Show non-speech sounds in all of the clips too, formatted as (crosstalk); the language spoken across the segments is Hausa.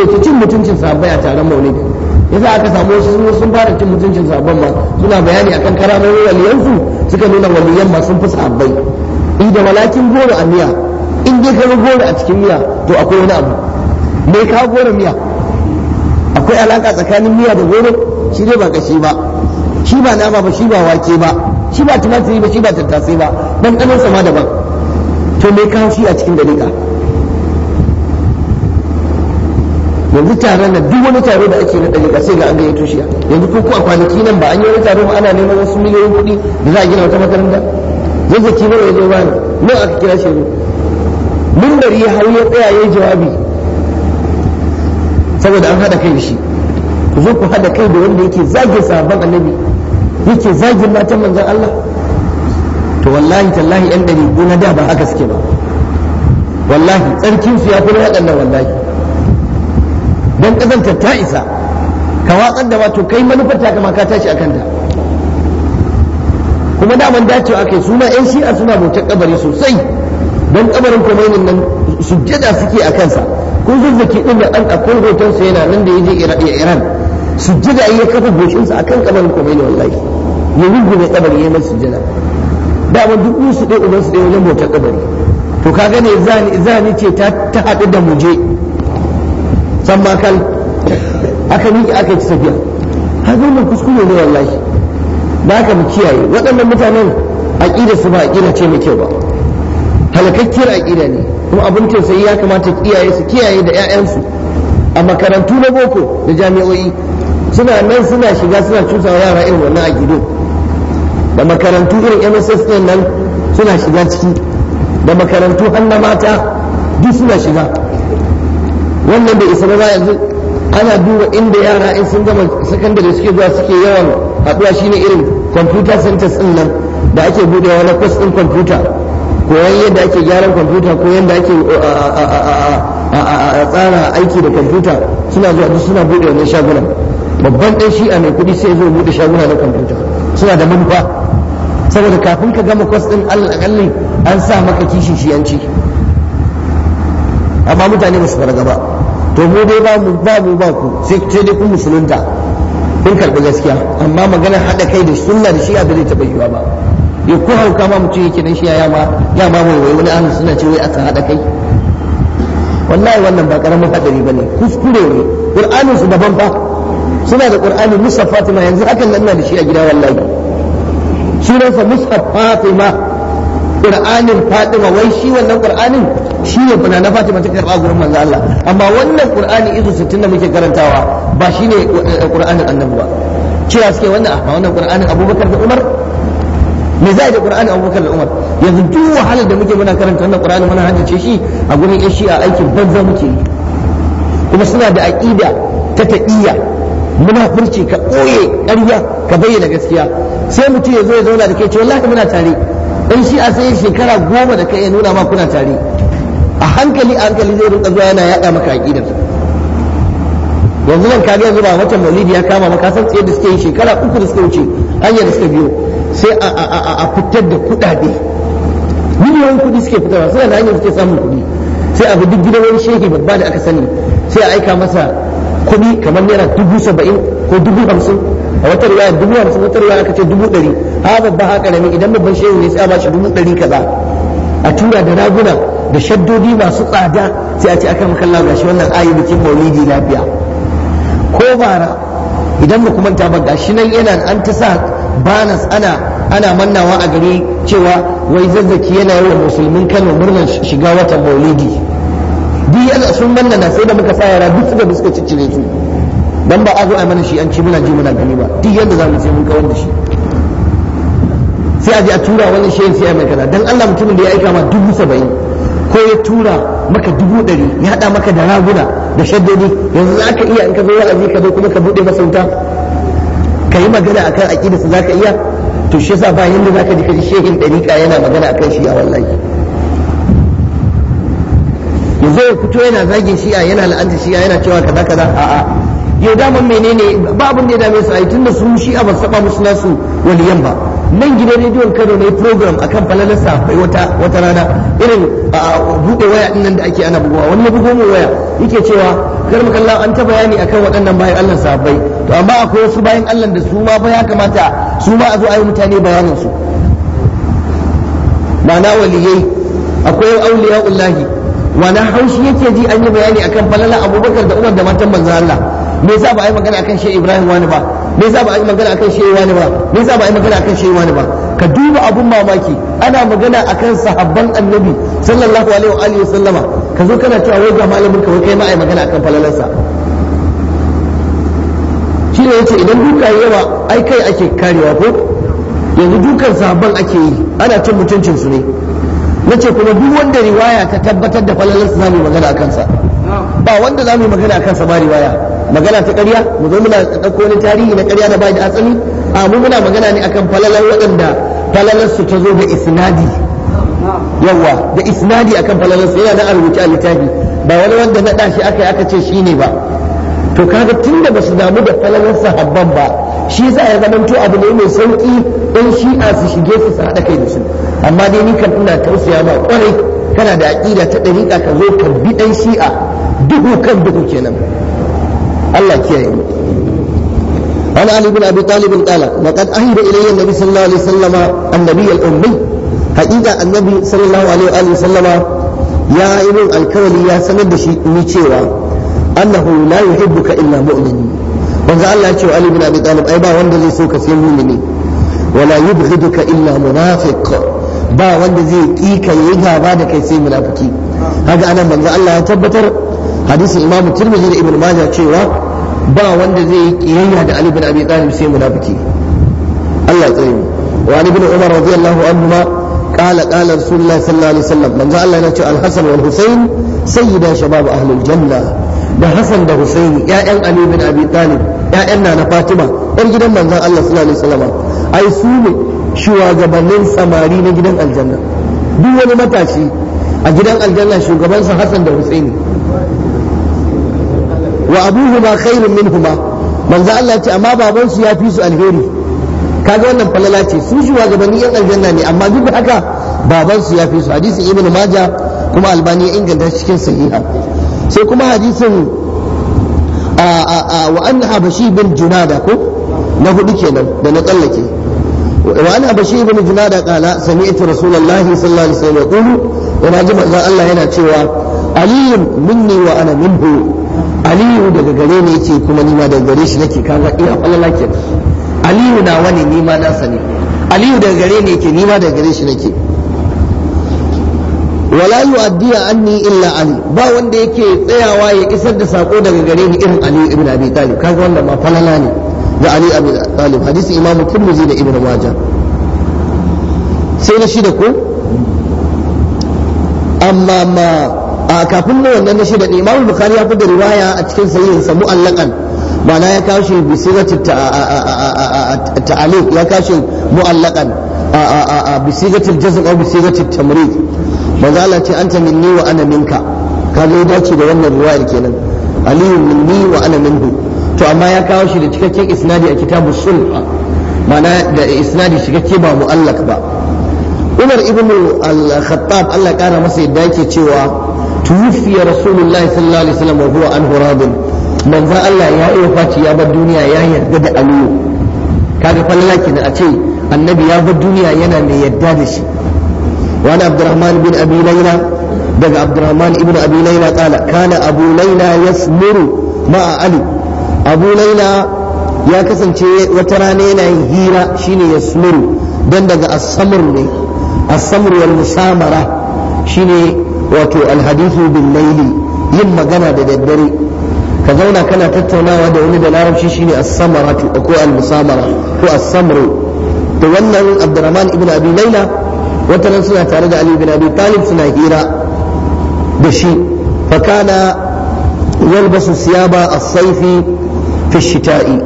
yake cin mutuncin sahabbai a taron maulidi yasa aka samu wasu sun fara cin mutuncin sabon ma suna bayani akan karamomin waliyansu suka nuna waliyan ma sun fi sabai idan walakin goro a miya in dai ka goro a cikin miya to akwai wani abu mai ka goro miya akwai alaka tsakanin miya da goro shi dai ba kashi ba shi ba nama ba shi ba wake ba shi ba tumatiri ba shi ba tattasai ba dan kanin sama daban to me kawo shi a cikin dalika yanzu taron na duk wani taro da ake na ɗari sai ga an gayyato tushiya yanzu ko ku a kwanaki nan ba an yi wani taro ba ana neman wasu miliyoyin kuɗi da za a gina wata makaranta yanzu ki nawa ya zo bani nan aka kira shi ne mun bari hau ya tsaya ya jawabi saboda an haɗa kai da shi ku zo ku haɗa kai da wanda yake zagin sahabban annabi yake zagin matan manzan Allah to wallahi tallahi yan ɗari na da ba haka suke ba wallahi tsarkin su ya fi na waɗannan wallahi don kazanta ta isa ka watsar da wato kai manufar ta kama ka tashi a kanta kuma daman dacewa ake suna yan shi'a suna bautar kabari sosai don kabarin kwamainin nan su jada suke a kansa kun zaki din da an akwai hotonsa yana nan da ya je iran jada ya kafa goshinsa a kan kabarin kwamainin wallahi ya mai kabari ya mai Da dama duk su ɗaya uban su ɗaya wajen bautar kabari to kaga ne zani ce ta haɗu da muje san ma kan aka miƙe aka ci tafiya har mun kuskure ne wallahi da aka mu kiyaye waɗannan mutanen aƙida su ba aƙida ce mai kyau ba halakakkiyar aƙida ne kuma abin tausayi ya kamata kiyaye su kiyaye da 'ya'yansu a makarantu na boko da jami'o'i suna nan suna shiga suna cusawa yara irin wannan aƙido da makarantu irin mss ɗin nan suna shiga ciki da makarantu har na mata duk suna shiga wannan bai isa ba yanzu ana duba inda yara in sun gama sakandare suke zuwa suke yawan haɗuwa shine irin computer centers din nan da ake budewa na kwas din computer koyan yadda ake gyaran computer ko yadda ake uh, uh, uh, tsara aiki da computer suna zuwa duk suna bude wannan shagunan babban ɗan shi a mai kuɗi sai zo buɗe shaguna na computer suna da manufa saboda kafin ka gama kwas ɗin alƙalli an sa maka kishin shiyanci amma mutane ba su fara gaba. to mu dai ba mu ba mu ba ku sai dai ku musulunta kun karɓi gaskiya amma magana haɗa kai da sunna da shi'a ba zai taɓa yiwa ba ya ku hauka ma mutum yake nan shi'a ya ma ya ma mai wai wani ahlus suna ce wai akan haɗa kai wallahi wannan ba karamin hadari bane kuskure ne qur'anin su daban fa suna da qur'ani musaf fatima yanzu hakan nan da shi a gida wallahi sunansa musaf fatima qur'anin fatima wai shi wannan qur'anin shi ne bana na fatima ta karba gurin manzo Allah amma wannan qur'ani izu 60 da muke karantawa ba shi ne eh, qur'anin annabi ba cewa suke wannan ah, a wannan qur'anin abubakar da umar me za a da ƙur'anin abubakar da umar yanzu duk wahalar da muke muna karanta wannan qur'ani muna haddace shi a gurin yan shi'a aikin banza muke yi kuma suna da aqida ta taqiyya muna furci ka koye ƙarya ka bayyana gaskiya sai mutum ya zo ya zauna da ke ce wallahi muna tare dan shi a sai shekara goma da kai ya nuna ma kuna tare a hankali a hankali zai rinka zuwa yana yaɗa maka aƙidar yanzu nan ka yanzu ba watan maulidi ya kama maka san tsaye da suke yi shekara uku da suka wuce hanyar da suka biyo sai a fitar da kuɗaɗe miliyoyin kuɗi suke fitarwa suna da hanyar suke samun kuɗi sai a bi duk gidan wani shehi babba da aka sani sai a aika masa kuɗi kamar naira dubu saba'in ko dubu hamsin a wata riwaya dubu hamsin wata riwaya aka ce dubu ɗari ha babba ha ƙarami idan babban shehu ne sai a bashi dubu ɗari kaza a tura da raguna da shaddodi masu tsada sai a ce aka makalla gashi wannan ayi bikin maulidi lafiya ko bara idan ba kuma ta ba gashi nan yana an ta sa banas ana ana mannawa a gari cewa wai zazzaki yana yi wa musulmin kano murnar shiga watan maulidi duk yana sun manna sai da muka sa yara duk suka suka ciccire su dan ba a zo a mana shi an ci muna ji muna gani ba duk yadda za mu ce mun kawar da shi sai a je a tura wani shehin sai a mai kaza dan Allah mutumin da ya aika ma dubu saba'in ko ya tura maka dubu ɗari ya haɗa maka da raguna da shaddodi yanzu za ka iya in ka zo wa'azi ka zo kuma ka buɗe masauta ka yi magana akan aƙidarsa za ka iya to shi yasa ba yanda za ka ji ka ji shehin ɗariƙa yana magana akan shi a wallahi yanzu ya fito yana zagin shi'a yana la'anta shi'a yana cewa kaza kaza a'a ya daman menene ba abin da ya dame su a tun da su shi a saba musu nasu waliyan ba nan gidan rediyon Kano ne program akan falalar safai wata wata rana irin bude waya din nan da ake ana bugowa wani bugo mu waya yake cewa kar mu kalla an ta bayani akan waɗannan bayan Allah safai to amma akwai wasu bayan Allah da su ma ba ya kamata su ma a zo a yi mutane bayanin su ma'ana waliyai akwai auliya'ullahi wa na haushi yake ji an yi bayani akan falala abubakar da umar da matan manzan Allah me yasa ba a yi magana akan shi Ibrahim wani ba me yasa ba a yi magana akan shi wani ba me yasa ba a yi magana akan shi wani ba ka duba abun mamaki ana magana akan sahabban annabi sallallahu alaihi wa alihi sallama ka zo kana cewa wai ga malamin ka wai kai ma ai magana akan falalarsa shi ne yace idan duka yawa ai kai ake karewa ko yanzu dukan sahabban ake yi ana cin mutuncin su ne nace kuma duk wanda riwaya ta tabbatar da falalarsa zamu magana akan sa ba wanda zamu magana akan sa ba riwaya magana ta ƙarya mu zo muna ɗauko wani tarihi na ƙarya da bai da asali a mu muna magana ne akan falalar waɗanda falalar su ta zo da isnadi yawa da isnadi akan falalar su yana na rubuce a littafi ba wani wanda na shi aka aka ce shi ne ba to kaga tunda ba su damu da falalar sahabban ba shi yasa ya zama to abu ne mai sauki dan shi'a su shige su su haɗa kai da su amma dai ni kan ina tausaya ma kwarai kana da aƙida ta ɗariƙa ka zo ka bi ɗan shi'a duhu kan duhu kenan Allah kiyaye mu عن علي بن ابي طالب قال لقد اهب الي النبي صلى الله عليه وسلم النبي الامي حقيقه النبي صلى الله عليه واله وسلم يا ابن الكولي يا سند شيء انه لا يحبك الا مؤمن manzo Allah ce wa Ali bin Abi Talib ai ba wanda zai so ka sai mumini wala yubghiduka illa munafiq ba wanda zai ki ka yi gaba da kai sai munafiki haka anan manzo Allah ya tabbatar حديث الإمام الترمذي لابن ماجه شيوا با وند ذي علي بن أبي طالب سيم منافقين الله يطيب وعن ابن عمر رضي الله عنهما قال قال رسول الله da Hassan da Hussein ƴaƴan Ali bin na Fatima ƴan gidan manzon ai su ne shugabannin samari na gidan aljanna duk wani matashi a gidan aljanna shugabansa Hassan da Hussein wa abuhuma khairun minhuma manzo Allah ce amma baban su ya fi su alheri kaga wannan falala ce su shi gabanin yan aljanna ne amma duk da haka baban su ya fi su hadisin ibn majah kuma albani ya inganta cikin sahiha sai kuma hadisin wa an habashi bin junada ko na hudu kenan da na tsallake wa an habashi bin junada kala sami'tu rasulullahi sallallahu alaihi wasallam yaqulu yana ji manzo Allah yana cewa aliyun minni wa ana minhu aliyu daga gare ne yake kuma nima daga gare shi nake kaga iya kwallala ke aliyu na wani nima nasa ne aliyu daga gare ne yake nima daga gare shi nake wala an anni illa ali ba wanda yake tsayawa ya isar da sako daga gare ni irin Aliyu ibn abi talib kaga wannan ma falala ne da ali abi talib hadisi imam tirmidhi da ibn majah sai na shi da ko amma ma a kafin na wannan na shida ne imamu bukari ya da riwaya a cikin sahihin allakan. Ba na ya kawo shi bi sigati ta'aliq ya kawo shi mu'allaqan bi sigati jazm aw bi sigati tamrid manzo Allah ce anta minni wa ana minka kaga ya dace da wannan riwayar kenan aliyu minni wa ana minhu to amma ya kawo shi da cikakken isnadi a kitabu sulh ma'ana da isnadi cikakke ba mu'allaq ba Umar ibn al-Khattab Allah kara masa yadda yake cewa tuwfi rasulullahi sallallahu alaihi wasallam wa huwa anhu radin manzo Allah ya yi wafaci ya bar duniya ya yarda da aliyu kaga falala kenan a ce annabi ya bar duniya yana mai yarda da shi wani abdurrahman bin abi daga abdurrahman ibn abi kala kana abu laila yasmuru ma'a ali ya kasance wata rana yana yin hira shine yasmuru don daga as ne as-samr wal musamara shine wato alhadithu bin laili yin magana da daddare ka zauna kana tattaunawa da wani da larabci shine as-samaratu ko al-musamara ko as-samru to wannan Abdurrahman ibn Abi wata nan suna tare da Ali ibn Abi Talib suna hira da shi fa kana yalbasu siyaba as-sayfi fi shita'i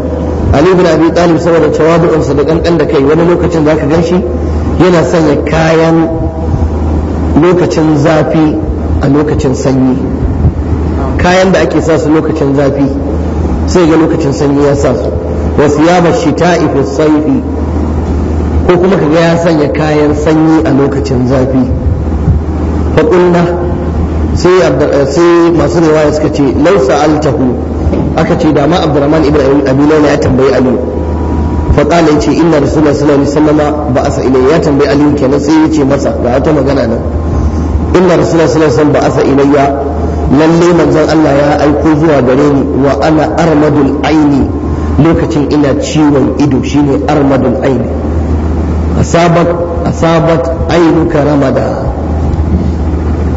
Ali ibn Abi Talib saboda tawadu'unsa da kankan da kai wani lokacin zaka ganshi yana sanya kayan lokacin zafi a lokacin sanyi kayan da ake sa su lokacin zafi sai ga lokacin sanyi ya sa su wasu yaba ta ifi saifi ko kuma kaga ya sanya kayan sanyi a lokacin zafi faƙulla sai masu riwaya suka ce lausa altahu aka ce dama abdurrahman ibn abi laila ya tambayi ali fa qala yace inna rasulullahi sallallahu alaihi wasallam ba asa ilai ya tambayi ali kenan sai yace masa ga wata magana nan inna rasulullah sallallahu alaihi wasallam ba'atha ilayya lalle manzon Allah ya aiko zuwa gare ni wa ana armadul aini lokacin ina ciwon ido shine armadul aini asabat asabat ainuka ramada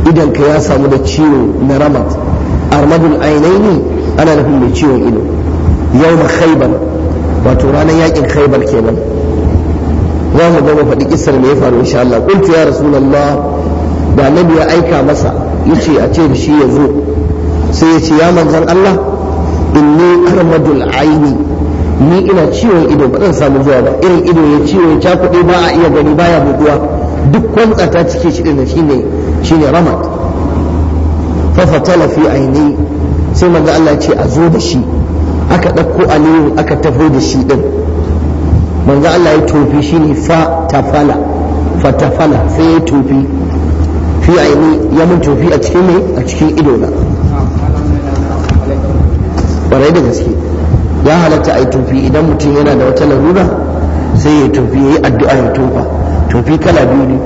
idan ka ya samu da ciwo na ramad. armadul ainaini ana nufin mai ciwon ido yau na khaibar wato ranar yakin khaibar kenan za mu gama faɗi kisar me ya faru insha Allah kuntu ya rasulullah da annabi ya aika masa yace a ce da shi ya zo sai ya ce ya manzan Allah inni armadul aini ni ina ciwon ido ba zan samu zuwa ba irin ido ya ciwo ya cakuɗe ba a iya gani baya buduwa? duk kwantsa ta cike shi ɗin shine shine ramat fa fatala fi aini sai manzo Allah ya ce a zo da shi aka ɗauko aliyu aka tafi da shi ɗin manzo Allah ya tofi shi ne fa tafala fa tafala sai ya tofi fi ya mun tofi a cikin mai a cikin ido na da gaske ya halatta a yi tufi idan mutum yana da wata larura sai ya ya yi addu'a ya tufa, tofi kala biyu ne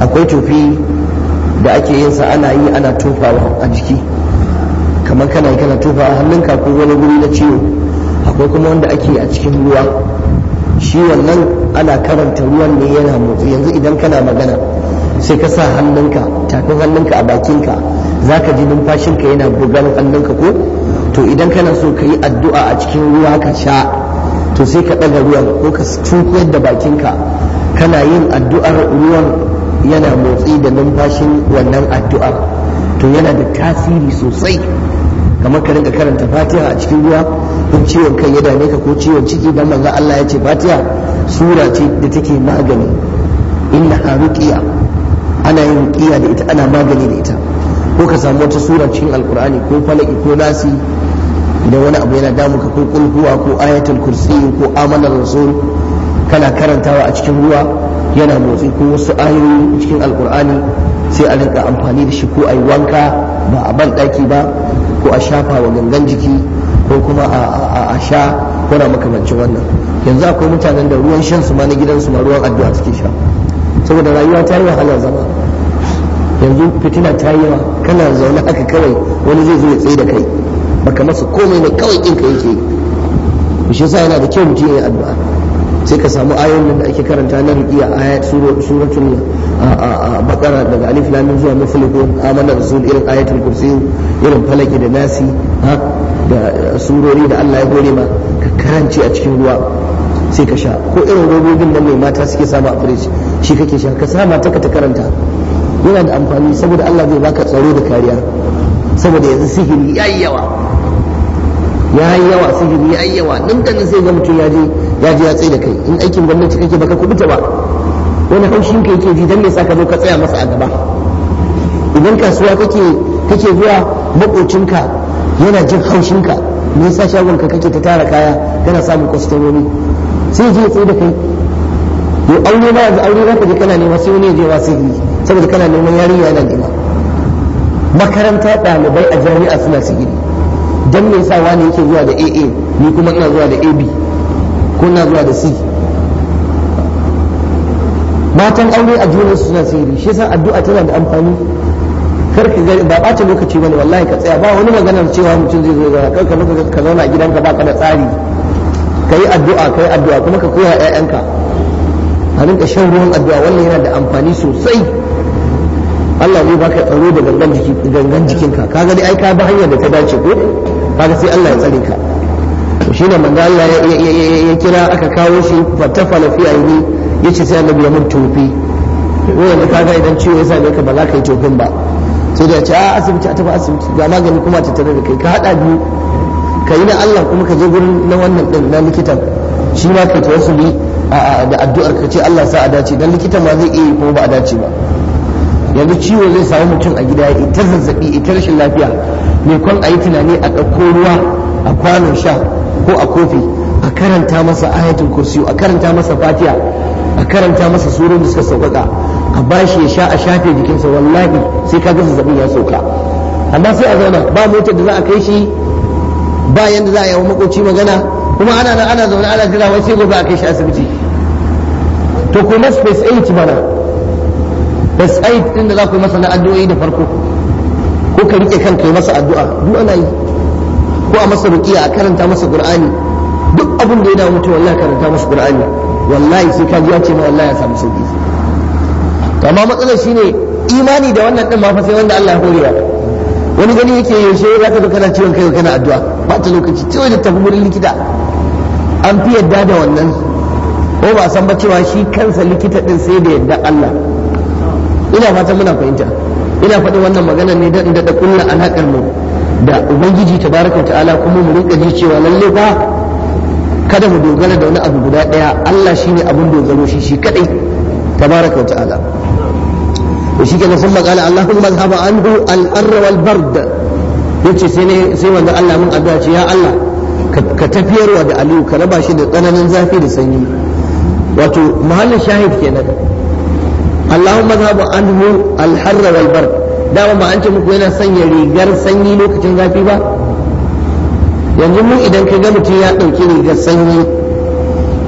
akwai tofi da ake yin sa ana yi ana tufawa a jiki kamar kana kana tufa a hannunka ko wani guri na ciwo akwai kuma wanda ake a cikin ruwa shi wannan ana karanta ruwan ne yana motsi yanzu idan kana magana sai ka sa hannunka tafin hannunka a bakinka za ka ji numfashinka yana bugar hannunka ko to idan kana so ka yi addu'a a cikin ruwa ka sha to sai ka ɗaga ruwan ko ka tukuyar da bakinka kana yin addu'ar ruwan yana motsi da numfashin wannan addu'ar to yana da tasiri sosai kamar ka rinka karanta fatiha a cikin ruwa in ciwon kai ya dame ka ko ciwon ciki dan manzo Allah ya ce fatiha sura ce da take magani inna haruqiya ana yin kiya da ita ana magani da ita ko ka samu wata surar cikin alkur'ani ko falaki ko nasi idan wani abu yana damuka ko kulhuwa ko ayatul kursi ko amanar rasul kana karantawa a cikin ruwa yana motsi ko wasu ayoyi cikin alkur'ani sai a rinka amfani da shi ko a yi wanka ba a ban ɗaki ba ko a shafa wa gangan jiki ko kuma a sha ko na makamancin wannan yanzu akwai mutanen da ruwan shansu su ma na gidansu ma ruwan addu'a suke sha saboda rayuwa ta yi wahala zama yanzu fitina ta yi kana zaune haka kawai wani zai zo ya tsaye da kai baka masa komai ne kawai in ka yake shi yasa yana da kyau mutum ya addu'a sai ka samu ayoyin da ake karanta na ruqiya ayat suratul baqara daga alif lam mim zuwa muflihun amana rasul irin ayatul kursi irin falaki da nasi da surori da Allah ya hore ma ka karance a cikin ruwa sai ka sha ko irin robobin nan mai mata suke samu a firiji shi kake sha ka sama ta ka ta karanta yana da amfani saboda Allah zai baka tsaro da kariya saboda yanzu sihiri yayi yawa yayi yawa sihiri yayi yawa nan da nan sai ga mutum ya je ya je ya tsaye da kai in aikin gwamnati kake baka kubuta ba wani haushin ka yake ji dan me sa ka zo ka tsaya masa a gaba idan kasuwa kake kake zuwa makocinka yana jin haushinka me yasa shagon ka kake ta tara kaya kana samun kwastomomi sai je tsaye da kai to aure ba yanzu aure za ka je kana nema sai wani ya je wasu yi saboda kana neman yarinya yana nema makaranta ɗalibai a jami'a suna sigiri don me yasa wani yake zuwa da AA ni kuma ina zuwa da AB ko ina zuwa da C matan aure a juna su suna sigiri shi yasa addu'a tana da amfani kar ka gari ba ɓata lokaci bane wallahi ka tsaya ba wani maganar cewa mutum zai zo ya zauna kar ka zo ka zauna a gidanka ba ka da tsari kai addu'a kai addu'a kuma ka koya ƴaƴanka a rinka shan ruwan addu'a wannan yana da amfani sosai Allah zai baka tsaro da gangan jiki gangan jikinka kaga dai ai ka bi hanyar da ta dace ko kaga sai Allah ya tsare ka to shine manzo Allah ya kira aka kawo shi fatafala fi aini yace sai annabi ya mun tofi ko yanzu kaga idan ciwo ya same ka ba za ka yi tofin ba sai da ya ce a ah, asibiti a tafi asibiti ga magani kuma ta tare da kai ka hada biyu ka yi na Allah kuma ka je gurin na wannan ɗin na likitan shi ma ka ne, da addu'ar ka ce Allah sa a dace don likitan ma zai iya kuma ba a dace ba yanzu ciwo zai samu mutum a gida ya ita zazzaɓi, ita rashin lafiya Mai kwan a yi tunani a ɗauko ruwa a kwanon sha ko a kofi a karanta masa ayatul kursiyo, a karanta masa fatiya, a karanta masa surun da suka sauƙaƙa a bashi ya sha a shafe jikinsa wallahi sai ka ga zazzabin ya sauka amma sai a zauna ba motar da za a kai shi ba da za a yi wa makoci magana kuma ana da ana zaune ana jira wai sai gobe a kai shi asibiti to kuma space eight mana space eight din da za ku yi masa na addu'o'i da farko ko ka rike kanka yi masa addu'a duk ana yi ko a masa ruqiya a karanta masa qur'ani duk abin da ya dawo mutum wallahi karanta masa qur'ani wallahi sai ka ji ya ce ma wallahi ya samu sauki amma matsalar shine imani da wannan din ma fa sai wanda Allah ya ya. wani gani yake yaushe za ka zo kana ciwon kai kana addu'a ɓata lokaci cewa wajen tafi wurin likita an fi yadda da wannan ko ba san ba cewa shi kansa likita din sai da yadda Allah ina fata muna fahimta ina faɗin wannan magana ne da da kullu alaƙar mu da ubangiji tabaraka ta'ala kuma mu rinka ji cewa lalle ba kada mu dogara da wani abu guda ɗaya Allah shine abin dogaro shi shi kadai tabaraka ta'ala to shi kenan sun magana Allahumma zhaba anhu al-arra wal bard yace sai ne sai manzo Allah mun addu'a ce ya Allah ka tafiyarwa da Aliyu ka raba shi da tsananin zafi da sanyi wato mahallin shahid kenan Allahumma zhabu anhu al-harr wal bard da ba an ce muku yana sanya rigar sanyi lokacin zafi ba yanzu mu idan ka ga mutum ya dauki rigar sanyi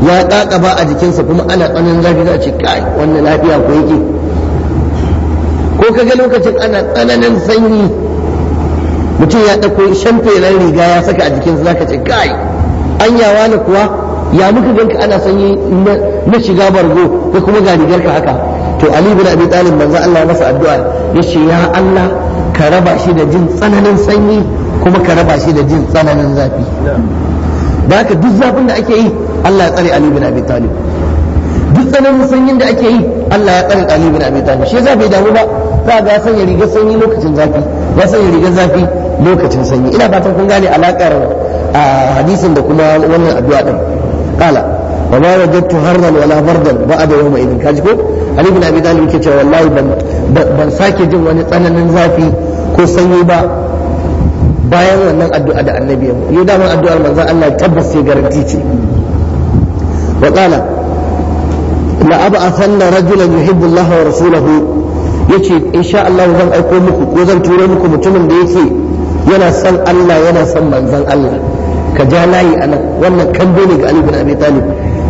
ya kaka ba a jikinsa kuma ana tsananin zafi za a ce kai wannan lafiya ko yake ko ka ga lokacin ana tsananin sanyi mutum ya ɗauko shamfelan riga ya saka a jikin za zaka ce kai yawa na kuwa ya muka ganka ana sanyi na shiga bargo ko kuma ga ka haka to ali bin abi talib manzo Allah masa addu'a yace ya Allah ka raba shi da jin tsananin sanyi kuma ka raba shi da jin tsananin zafi Ba ka duk zafin da ake yi Allah ya tsare Ali bin Abi Talib duk tsananin sanyin da ake yi Allah ya tsare Ali bin Abi Talib shi yasa bai damu ba za ga sanya riga sanyi lokacin zafi ya sanya rigar zafi lokacin sanyi ina fatan kun gane alakar hadisin da kuma wannan addu'a din qala wa ma wajadtu harran wala bardan ba'da yawma idan kaji ko ali bin abi talib yake cewa wallahi ban ban sake jin wani tsananin zafi ko sanyi ba bayan wannan addu'a da annabi ya yi da addu'ar manzon Allah tabbas sai garanti ce wa qala la ab'athanna rajulan yuhibbu Allah wa rasulahu yace insha Allah zan aiko muku ko zan turo muku mutumin da yake yana son Allah yana son manzon Allah ka ja layi anan wannan kambo ne ga Ali bin Abi Talib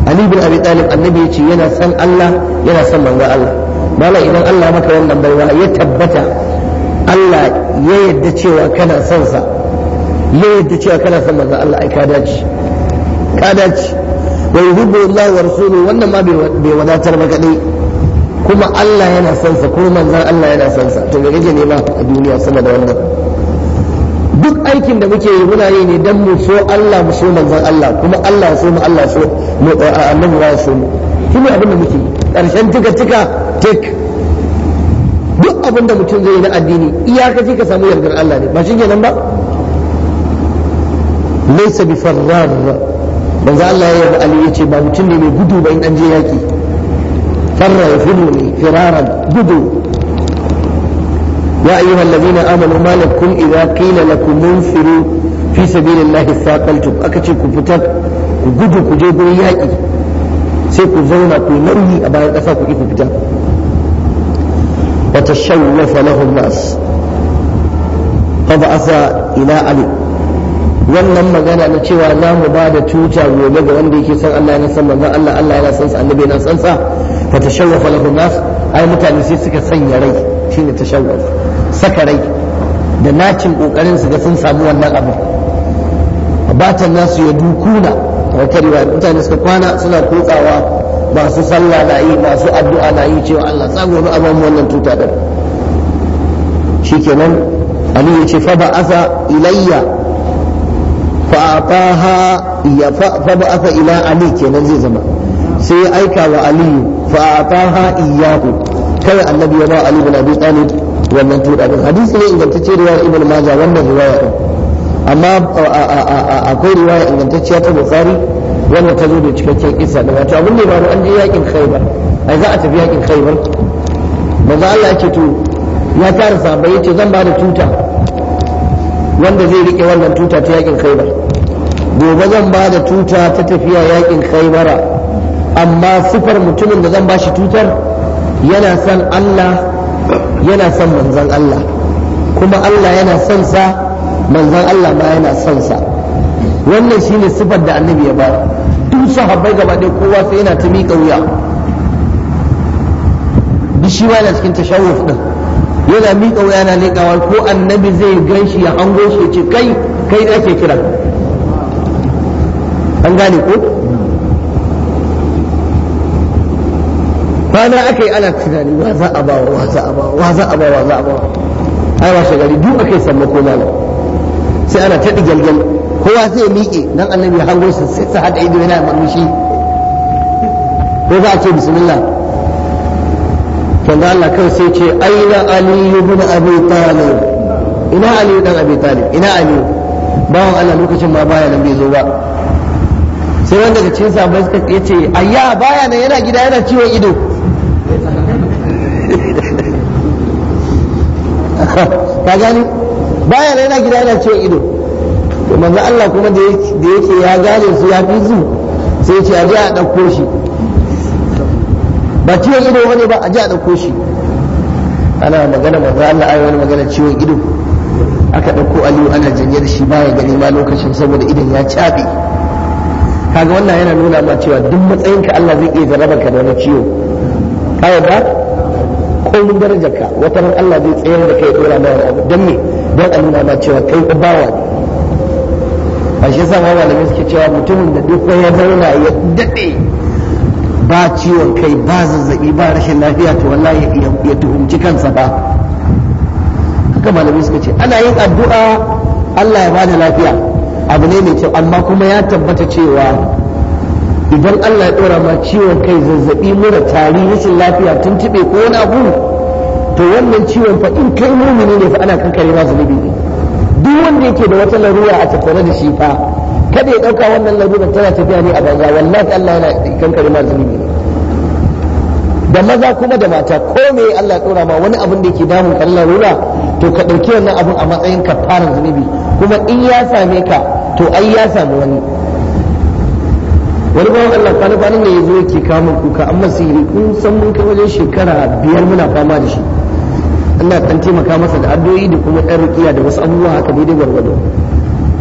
Ali bin Abi Talib annabi yace yana son Allah yana son manzon Allah mala idan Allah maka wannan baiwa ya tabbata Allah ya yadda cewa kana son sa ya yadda cewa kana son manzon Allah ai ka dace ka dace wa yuhibbu Allah wa rasuluhu wannan ma bai wadatar ba kadai kuma Allah yana sansa kuma manzon Allah yana sansa to me kake nema a duniya sama da wannan duk aikin da muke yi muna yi ne dan mu so Allah mu so manzan Allah kuma Allah ya so mu Allah so mu eh, annabi ya so mu kuma abin da muke karshen tika tika take duk abin da mutum zai yi na addini iyakaci ka samu yardar Allah ne ba shi kenan ba laysa bi farrar manzan Allah ya yi Ali yace ba mutum ne mai gudu ba in an je yaki فر يفرني فرارا جدوا يا أيها الذين آمنوا ما لكم إذا قيل لكم انفروا في سبيل الله ثاقلتم أكتشكم فتاك كجدوا كجيبوا ياكي سيكو زونا كي نوي أبا يتفاكوا إيكو فتاك وتشوف له الناس فبعث إلى علي wannan magana na cewa za mu ba da tuta gobe ga wanda yake san Allah yana san manzon Allah Allah yana san annabi yana san sa fa tashawwafa lahum nas ai mutane sai suka sanya rai shine tashawwuf saka rai da nacin kokarin su ga sun samu wannan abu batan nasu ya dukuna wata riwaya mutane suka kwana suna kotsawa masu sallah na yi masu addu'a na yi cewa Allah sa gobe a bamu wannan tuta da shikenan Ali ya ce fa ba'atha ilayya fa ataha ya fa ba'atha ila Ali kenan zai zama sai ya aika wa Aliyu fa ataha iyyahu kai annabi ya ba ali ibn abi talib wannan tuda din hadisi ne ingantacce riwaya ibn majah wannan riwaya din amma akwai riwaya ingantacciya ta bukhari wannan ta zo da cikakken kisa da wato abin da ba an je yakin khaybar ai a tafi yakin khaybar Allah to ya yace zan tuta wanda zai rike wannan tuta ta yakin khaybar gobe zan ba da tuta ta tafiya yakin khaybara amma sifar mutumin da zan bashi tutar yana son Allah yana son manzan Allah kuma Allah yana son sa manzan Allah ma yana son sa wannan shine sifar da annabi ya ba duk sahabbai gaba ɗaya kowa sai yana ta miƙa wuya shi ma yana cikin tashawuf din yana miƙa wuya yana leƙawa ko annabi zai gan shi ya hango shi ce kai kai da ake kira an gane ko kwana aka yi ana tunani wa za a ba wa za a ba wa za a ba wa za a ba ai washe gari duk aka yi samma ko malam sai ana ta digalgal kowa sai ya miƙe dan annabi ya hango shi sai sa hada ido yana murmushi ko za a ce bismillah kanda Allah kan sai ce aina ali ibn abi talib ina ali dan abi talib ina ali bawan Allah lokacin ma baya nan bai zo ba sai wanda daga cikin sahabbai suka ce ayya baya nan yana gida yana ciwon ido (laughs) ka gani baya yana gida yana ciwon ido manzo Allah kuma da yake ya gane su ya fi su sai ce a je a ɗauko shi ba ciwon ido bane ba a a ɗauko shi ana magana manzo Allah ai wani magana ciwon ido aka ɗauko Aliyu ana janye da shi baya gani ma lokacin saboda idan ya caɓe kaga wannan yana nuna ma cewa duk matsayinka Allah zai iya jarraba ka da wani ciwo ka yarda komin darajarka wata ran Allah zai tsayar da kai dora mai abu dan me dan a nuna ma cewa kai bawa a shi mawa da suke cewa mutumin da duk ya zauna ya daɗe? ba ciwon kai ba zazzabi ba rashin lafiya to wallahi ya tuhumci kansa ba haka malamai suka ce ana yin addu'a Allah ya bada lafiya abu ne mai kyau amma kuma ya tabbata cewa idan Allah ya ɗora ma ciwon kai zazzabi mura tari rashin lafiya tuntube ko wani abu to wannan ciwon fa in kai mumini ne fa ana kankare ma zunubi ne duk wanda yake da wata larura a tattare da shi fa kada ya ɗauka wannan larura tana tafiya ne a banza wallahi Allah yana kankare ma zunubi ne da maza kuma da mata ko me Allah ya ɗora ma wani abin da yake damun kan larura to ka ɗauki wannan abun a matsayin kafaran zunubi kuma in ya same ka to ai ya sami wani wani bawan Allah kwana kwanan ne ya zo yake kama kuka amma sihiri kun san mun kai wajen shekara biyar muna fama da shi ina dan taimaka masa da addu'o'i da kuma ɗan rukiya da wasu abubuwa haka daidai gwargwado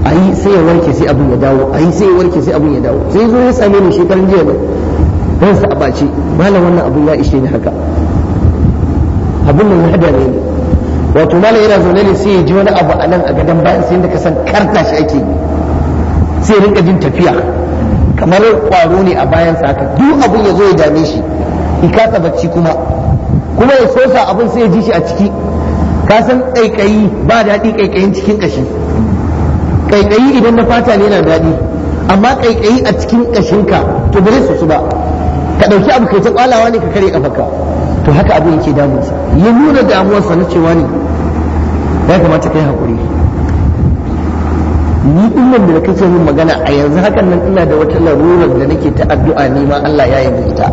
ayi sai ya warke sai abin ya dawo ayi sai ya warke sai abin ya dawo sai zo ya same ni shekaran jiya ne dan sa abace malam wannan abun ya ishe ni haka abin nan ya ne ni wato malam yana zaune ne sai ya ji wani abu a nan a gadon bayan sai da ka san karta shi ake sai ya rinka jin tafiya kamar kwaro ne a bayan saka duk abin ya zo ya dame shi in kasa bacci kuma kuma ya sosa abin sai ya ji shi a ciki ka san kaikayi ba daɗi kaikayin cikin kashi kaikayi idan na fata ne yana daɗi amma kaikayi a cikin ka to bare su su ba ka ɗauki abu kai ta kwalawa ne ka kare kafarka to haka abin yake damunsa ya nuna damuwarsa na cewa ne ya kamata kai hakuri ni dinnan da kake yin magana a yanzu hakan nan ina da wata larurar da nake ta addu'a ne ma Allah ya yi ita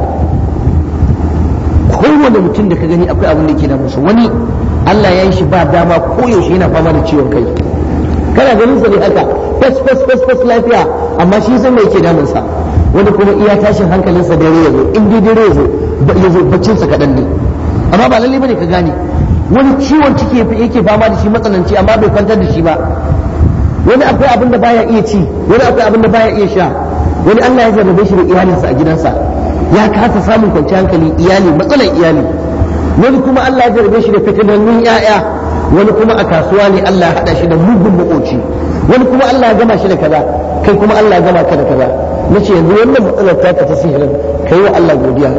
wanda mutum da ka gani akwai abin da ke musu wani Allah ya yi shi ba dama ko yaushe yana fama da ciwon kai kana ganin sa ne haka fas fas fas fas lafiya amma shi san me yake sa wani kuma iya tashin hankalinsa dare ya zo in dai dare ya zo ya zo baccinsa kaɗan ne amma ba lalle bane ka gane wani ciwon ciki yake fama da shi matsananci amma bai kwantar da shi ba wani akwai abin da baya iya ci wani akwai abin da baya iya sha wani Allah ya jarrabe shi da iyalinsa a gidansa ya kasa samun kwanciyar hankali iyali matsalar iyali wani kuma Allah ya jarrabe shi da fitinannun 'ya'ya wani kuma a kasuwa ne Allah ya hada shi da mugun makoci wani kuma Allah ya gama shi da kaza kai kuma Allah ya gama ka da kaza nace yanzu wannan matsalar ta ta sihirin kai wa Allah godiya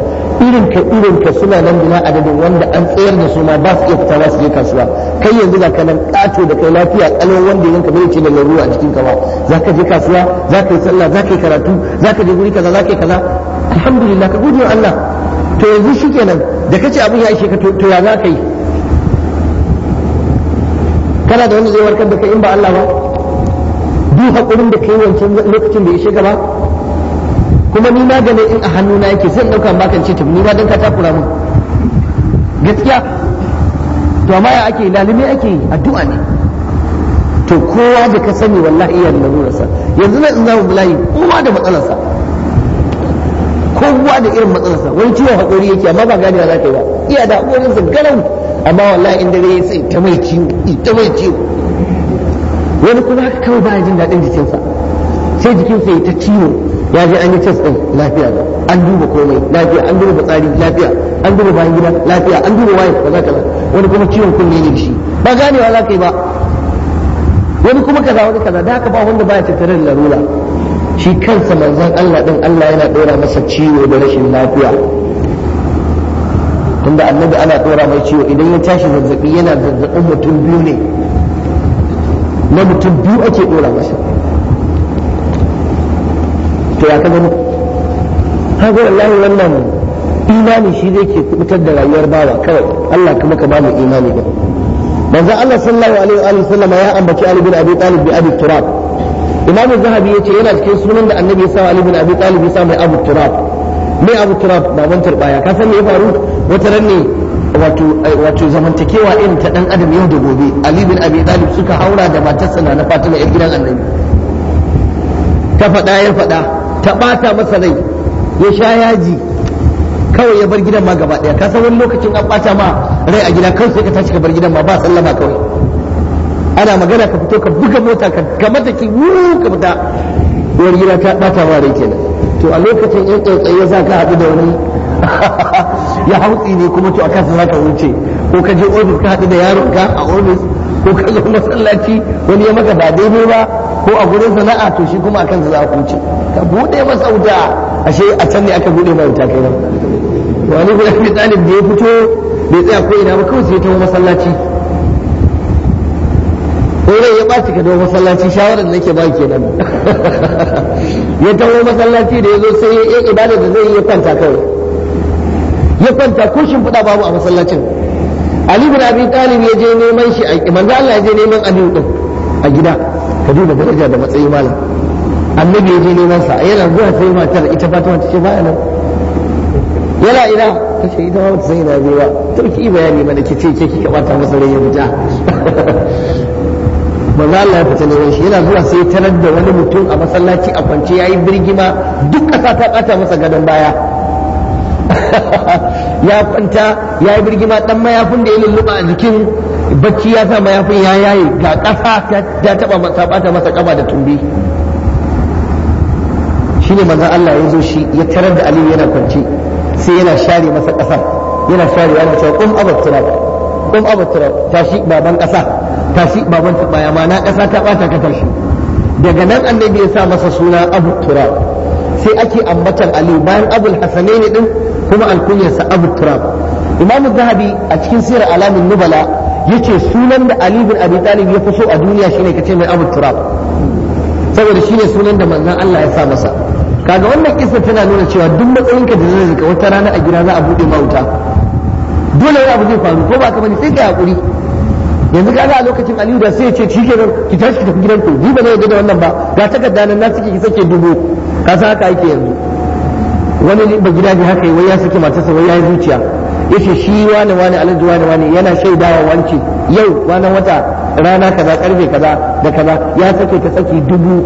irin ka irin ka suna nan da adadin wanda an tsayar da su ma ba su iya fita ba su je kasuwa kai yanzu ga kanan kato da kai lafiya kalon wanda yanka bai ce da larura a cikin ka ba za ka je kasuwa za ka yi sallah za ka yi karatu za ka je guri kaza za ka yi kaza alhamdulillah ka gode wa Allah to yanzu shikenan da kace abin ya ishe ka to ya za ka yi kana da wanda zai warkar da kai in ba Allah ba duk hakurin da kai wancan lokacin da ya ishe gaba? ba kuma ni maganin in a hannu na yake sai in ɗauka bakan ce ni ma don ka takura mun gaskiya to amma ya ake lalime ake yi addu'a ne to kowa da ka sani wallahi iya da larurarsa yanzu na in zamu bulayi kowa da matsalarsa kowa da irin matsalarsa wani ciwon haƙori yake amma ba ganewa za ka yi ba iya da haƙorinsa galau amma wallahi in dare ya sai ta mai ciwo ta mai ciwo wani kuma haka kawai baya jin daɗin jikinsa sai jikinsa ya ta ciwo ya je an yi test din lafiya ba an duba komai lafiya an duba fitsari lafiya an duba bayan gida lafiya an duba waye kaza kaza wani kuma ciwon kunne ne shi ba ganewa za ka yi ba wani kuma kaza wani kaza da haka ba wanda baya tattare da larura shi kansa manzon Allah din Allah yana dora masa ciwo da rashin lafiya tunda annabi ana dora mai ciwo idan ya tashi zazzabi yana zazzabin mutum biyu ne na mutum biyu ake dora masa to ya kaga haka wallahi wannan imani shi zai ke kubutar da rayuwar bawa kawai Allah kuma ka bamu imani ba manzo Allah sallallahu alaihi wa sallam ya ambaci Ali bin Abi Talib bi Abi Turab Imam Zahabi yace yana cikin sunan da Annabi ya sa Ali bin Abi Talib ya sa mai Abu Turab mai Abu Turab ba baban turbaya ka san me ya faru wata ran ne wato wato zamantakewa irin ta dan adam yau da gobe Ali bin Abi Talib suka haura da matarsa na Fatima yar gidan Annabi Ka faɗa ya faɗa ta bata masa rai ya sha yaji kawai ya bar gidan ma gaba daya ka san wani lokacin an bata ma rai a gida kan sai ka tashi ka bar gidan ma ba sallama kawai ana magana ka fito ka buga mota ka gama ta ki wuru ka fita Wani gida ta bata ma rai kenan to a lokacin yan tsaitsaye ya sa ka haɗu da wani (laughs) ya hautsi ne kuma to a kasa za ka wuce ko ka je ofis ka haɗu da yaron ka a ofis ko ka zo masallaci wani ya maka ba daidai ba ko a gurin sana'a to shi kuma akan za a kuce ka bude masa wuta ashe a can ne aka bude mai wuta kai nan wani gurin bi talib da ya fito bai tsaya ko ina ba kawai sai ya tawo masallaci ko dai ya baci ka dawo masallaci shawarar da nake ba kenan (laughs) ya tawo masallaci da ya zo sai ya yi ibada da zai yi ya kwanta kawai ya kwanta ko shimfiɗa babu a masallacin Ali bin Abi Talib ya je neman shi a manzo Allah ya je neman Aliyu din a gida ka duba daraja da matsayi malam annabi yaje je neman sa yana zuwa sai matar ita fatima ta ce ba nan yana ina ta ce ita ba ta sai ina je ba ki bayani mana ki ce ke ki masa rai ta fita (laughs) manzo Allah ya fita neman shi yana zuwa sai tarar da wani mutum a masallaci a kwance yayi birgima duk kasa ta kata masa gadon baya (laughs) ya kwanta yayi birgima dan mayafin da ya lulluba a jikin bacci ya sa mayafin ya yaye ga ƙasa ta taɓa ta ɓata masa ƙafa da tumbi ne maza Allah ya zo shi ya tarar da Aliyu yana kwance sai yana share masa ƙasa yana share yana cewa qum abattirab qum abattirab tashi baban ƙasa tashi baban tabaya ma na ƙasa ta ɓata ka tashi daga nan annabi ya sa masa suna Abu Turab sai ake ambatan Aliyu bayan Abul Hasanaini din kuma alkunyarsa Abu Turab Imam Zahabi a cikin sirar alamin nubala yace sunan da Ali bin Abi Talib ya fi so a duniya shine kace mai Abu Turab saboda shine sunan da manzon Allah ya sa masa kaga wannan kisa tana nuna cewa duk matsayin ka da zai zuka wata rana a gida za a bude mauta dole wani abu zai faru ko ba ka bane sai ka hakuri yanzu kaga a lokacin Aliyu da sai ya ce shi kenan ki tashi ki tafi gidanku ni ba zai yarda da wannan ba ga takarda nan na suke ki sake dubo ka sa haka yake yanzu wani ba gida haka wai ya sake matarsa wai ya yi zuciya yace shi wani wani alhaji wani wani yana shaidawa wance yau wani wata rana kaza karfe kaza da kaza ya sake ta saki dubu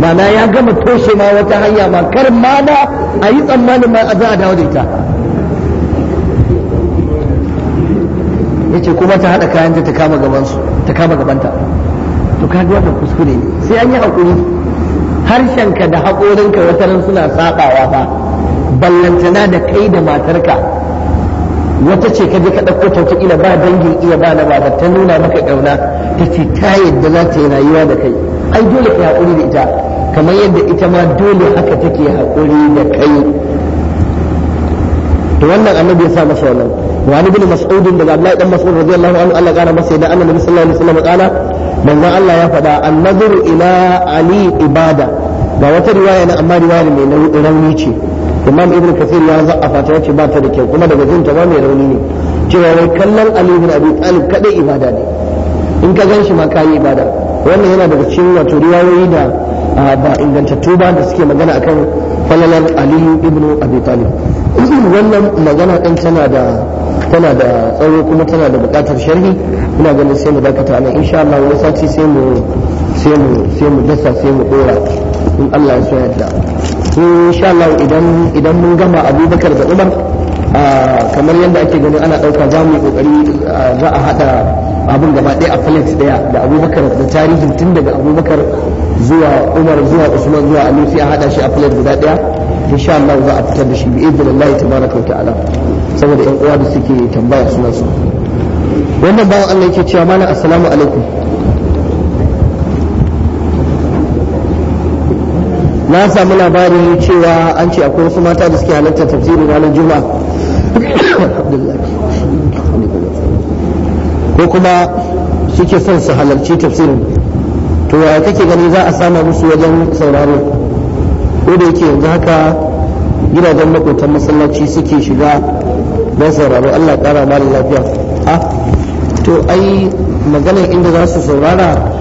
mana ya gama toshe ma wata hanya ma kar mana a yi tsammanin ma a za a dawo da ita yace kuma ta hada kayanta ta kama gabansu ta kama gabanta to ka ga wannan kuskure ne sai an yi hakuri harshenka da haƙorinka wataran suna sabawa fa ballantana da kai da matarka wata ce ka ka ɗauko ta ina ba dangin iya ba na ba ta nuna maka ƙauna ta ce ta yadda za ta yi rayuwa da kai ai dole ka haƙuri da ita kamar yadda ita ma dole haka take haƙuri da kai to wannan annabi ya sa masa wannan wa an ibn mas'ud da Abdullah ibn Mas'ud radiyallahu anhu Allah kana masa da annabi sallallahu alaihi wasallam kana manzon Allah ya faɗa an ila ali ibada ga wata riwaya na amma riwaya mai rauni ce imam ibn kasir ya za'afa ta yace ba ta da kyau kuma daga jinta ta ba mai rauni ne cewa wai kallon ali ibn abi talib kadai ibada ne in ka ganshi ma kayi ibada wannan yana daga cikin wato riwayoyi da ba ingantattu ba da suke magana akan falalar ali ibn abi talib wannan magana din tana da tana da tsawo kuma tana da bukatar sharhi ina ganin sai mu dakata nan insha Allah wani sati sai mu sai mu sai mu dasa sai mu dora in Allah ya so yadda insha Allah idan idan mun gama Abubakar da Umar kamar yadda ake gani ana ɗauka za mu yi kokari za a haɗa abun gaba ɗaya a plate ɗaya da abubakar da tarihin tun daga abubakar zuwa umar zuwa usman zuwa ali sai a haɗa shi a flet guda ɗaya insha Allah za a fitar da shi bi idnillahi tabaraka wa ta'ala saboda 'yan uwa da suke tambaya suna su wannan bawan Allah yake cewa mana assalamu alaikum na samu labarin cewa an ce akwai wasu mata da suke halarta tafsirin ranar juma'a ko kuma suke son su halarci tafsirin to ya kake gani za a sama musu wajen sauraro ko da yake yanzu haka gidajen makotan masallaci suke shiga don sauraro allah kara malin lafiya ah, to ai maganar inda za su saurara